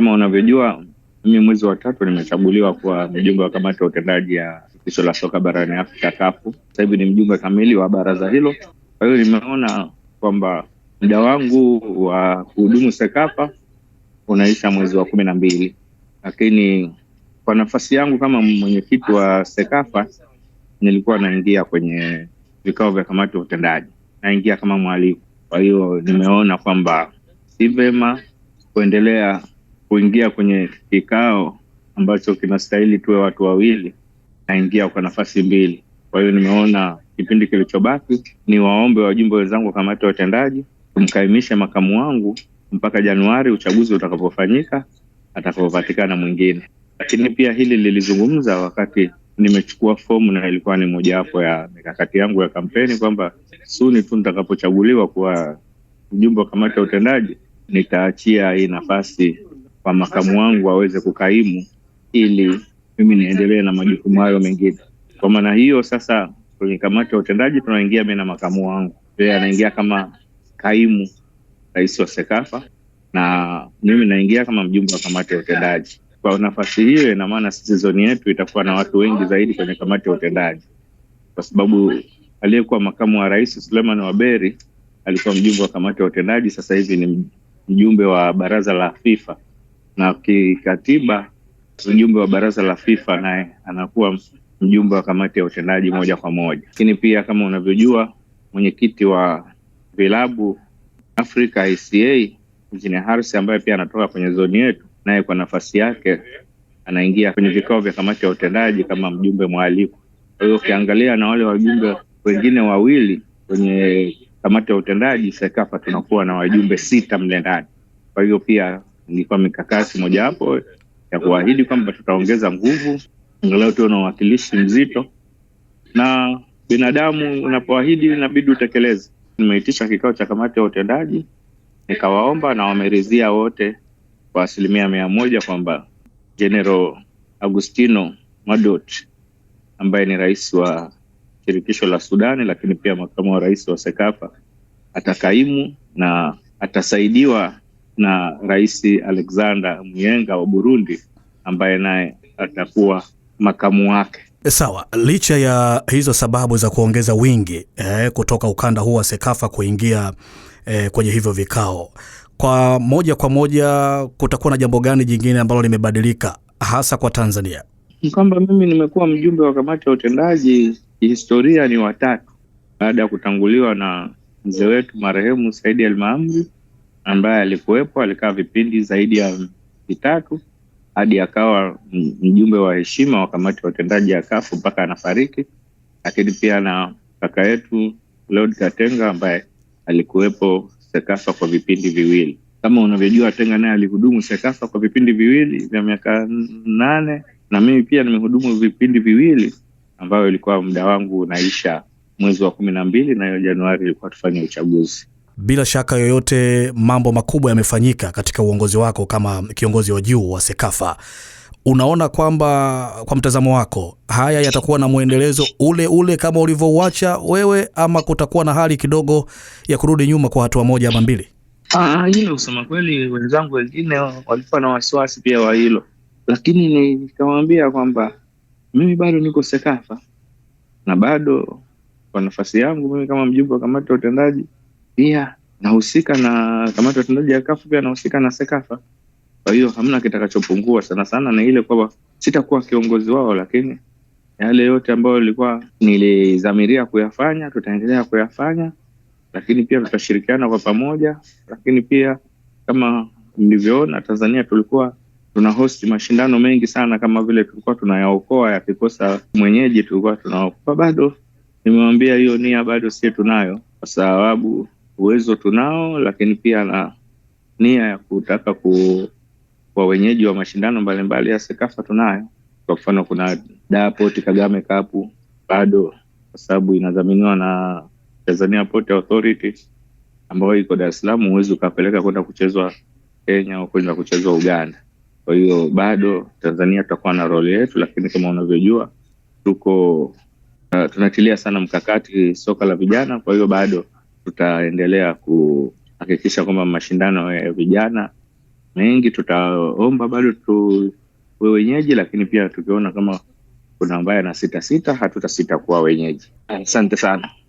Kama unavyojua mimi mwezi wa tatu nimechaguliwa kuwa mjumbe wa kamati ya utendaji ya shirikisho la soka barani Afrika kapu. Sasa hivi ni mjumbe kamili wa baraza hilo. Kwa hiyo nimeona kwamba muda wangu wa kuhudumu Sekafa unaisha mwezi wa kumi na mbili, lakini kwa nafasi yangu kama mwenyekiti wa Sekafa nilikuwa naingia kwenye vikao vya kamati ya utendaji, naingia kama mwaliko. Kwa hiyo nimeona kwamba si vema kuendelea kuingia kwenye kikao ambacho kinastahili tuwe watu wawili, naingia kwa nafasi mbili. Kwa hiyo nimeona kipindi kilichobaki ni waombe wajumbe wenzangu wa kamati ya watendaji tumkaimishe makamu wangu mpaka Januari uchaguzi utakapofanyika, atakapopatikana mwingine. Lakini pia hili lilizungumza wakati nimechukua fomu, na ilikuwa ni mojawapo ya mikakati yangu ya kampeni kwamba suni tu nitakapochaguliwa kuwa mjumbe wa kamati ya utendaji nitaachia hii nafasi kwa makamu wangu aweze kukaimu ili mimi niendelee na majukumu hayo mengine. Kwa maana hiyo sasa, kwenye kamati ya utendaji tunaingia mimi na makamu wangu, yeye anaingia kama kaimu rais wa Sekafa na mimi naingia kama mjumbe wa kamati ya utendaji. Kwa nafasi hiyo, ina maana sisi zoni yetu itakuwa na watu wengi zaidi kwenye kamati ya utendaji, kwa sababu aliyekuwa makamu wa rais Suleiman Waberi alikuwa mjumbe wa kamati ya utendaji, sasa hivi ni mjumbe wa baraza la FIFA na kikatiba mjumbe wa baraza la FIFA naye anakuwa mjumbe wa kamati ya utendaji moja kwa moja. Lakini pia kama unavyojua, mwenyekiti wa vilabu Afrika ICA mjini Harsi, ambaye pia anatoka kwenye zoni yetu, naye kwa nafasi yake anaingia kwenye vikao vya kamati ya utendaji kama mjumbe mwaliko. Kwa hiyo ukiangalia na wale wajumbe wengine wawili kwenye kamati ya utendaji SEKAFA, tunakuwa na wajumbe sita mle ndani. Kwa hiyo pia ilikuwa mikakati mojawapo ya kuahidi kwamba tutaongeza nguvu, angalau tuwe na uwakilishi mzito, na binadamu unapoahidi inabidi utekeleze. Nimeitisha kikao cha kamati ya utendaji, nikawaomba na wameridhia wote kwa asilimia mia moja kwamba General Agustino Madot ambaye ni rais wa shirikisho la Sudani, lakini pia makamu wa rais wa Sekafa atakaimu na atasaidiwa na Rais Alexander Myenga wa Burundi ambaye naye atakuwa makamu wake. Sawa, licha ya hizo sababu za kuongeza wingi eh, kutoka ukanda huu wa Sekafa kuingia eh, kwenye hivyo vikao, kwa moja kwa moja kutakuwa na jambo gani jingine ambalo limebadilika hasa kwa Tanzania? kwamba mimi nimekuwa mjumbe wa kamati ya utendaji kihistoria ni watatu, baada ya kutanguliwa na mzee wetu marehemu Saidi Almaamri ambaye alikuwepo, alikaa vipindi zaidi ya vitatu hadi akawa mjumbe wa heshima wa kamati ya utendaji ya kafu mpaka anafariki, lakini pia na kaka yetu Lord Katenga ambaye alikuwepo Sekafa kwa vipindi viwili. Kama unavyojua, Tenga naye alihudumu Sekafa kwa vipindi viwili vya miaka nane na mimi pia nimehudumu vipindi viwili ambayo ilikuwa muda wangu unaisha mwezi wa kumi na mbili na hiyo Januari ilikuwa tufanye uchaguzi. Bila shaka yoyote mambo makubwa yamefanyika katika uongozi wako kama kiongozi wa juu wa Sekafa. Unaona kwamba kwa mtazamo wako haya yatakuwa na mwendelezo ule ule kama ulivyouacha wewe, ama kutakuwa na hali kidogo ya kurudi nyuma kwa hatua moja ama mbili? Ah, hilo kusema kweli, wenzangu wengine walikuwa na wasiwasi pia wa hilo, lakini nikamwambia kwamba mimi bado niko Sekafa na bado kwa nafasi yangu mimi kama mjumbe wa kamati ya utendaji pia nahusika na kamati ya utendaji ya kafu pia nahusika na SEKAFA. Kwa hiyo hamna kitakachopungua sana sana, na ile kwamba sitakuwa kiongozi wao, lakini yale yote ambayo ilikuwa nilizamiria kuyafanya tutaendelea kuyafanya, lakini pia tutashirikiana kwa pamoja. Lakini pia kama mlivyoona, Tanzania tulikuwa tuna host mashindano mengi sana, kama vile tulikuwa tunayaokoa yakikosa mwenyeji tulikuwa tunaokoa. Bado nimewambia hiyo nia bado sie tunayo, kwa sababu uwezo tunao, lakini pia na nia ya kutaka kwa wenyeji wa mashindano mbalimbali ya Sekafa tunayo. Kwa mfano kuna Dapoti Kagame Cup bado, kwa sababu inadhaminiwa na Tanzania Port Authority ambayo iko Dar es Salaam, huwezi ukapeleka kwenda kuchezwa Kenya au kwenda kuchezwa Uganda. Kwa hiyo bado Tanzania tutakuwa na roli yetu, lakini kama unavyojua tuko uh, tunatilia sana mkakati soka la vijana, kwa hiyo bado tutaendelea kuhakikisha kwamba mashindano ya vijana mengi tutaomba bado tuwe wenyeji, lakini pia tukiona kama kuna ambaye ana sita sita, hatutasita kuwa wenyeji. Asante sana.